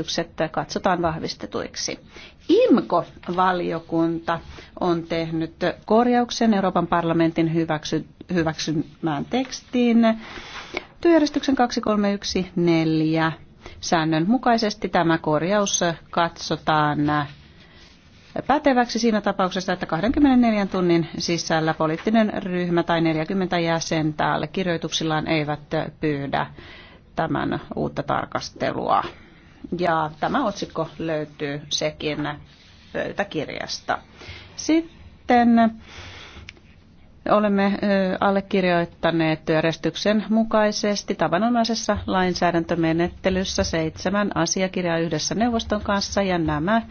esitykset katsotaan vahvistetuiksi. IMKO-valiokunta on tehnyt korjauksen Euroopan parlamentin hyväksy, hyväksymään tekstiin työjärjestyksen 2314 säännön mukaisesti tämä korjaus katsotaan päteväksi siinä tapauksessa, että 24 tunnin sisällä poliittinen ryhmä tai 40 jäsentä allekirjoituksillaan eivät pyydä tämän uutta tarkastelua. Ja tämä otsikko löytyy sekin pöytäkirjasta. Sitten olemme allekirjoittaneet työjärjestyksen mukaisesti tavanomaisessa lainsäädäntömenettelyssä seitsemän asiakirjaa yhdessä neuvoston kanssa ja nämä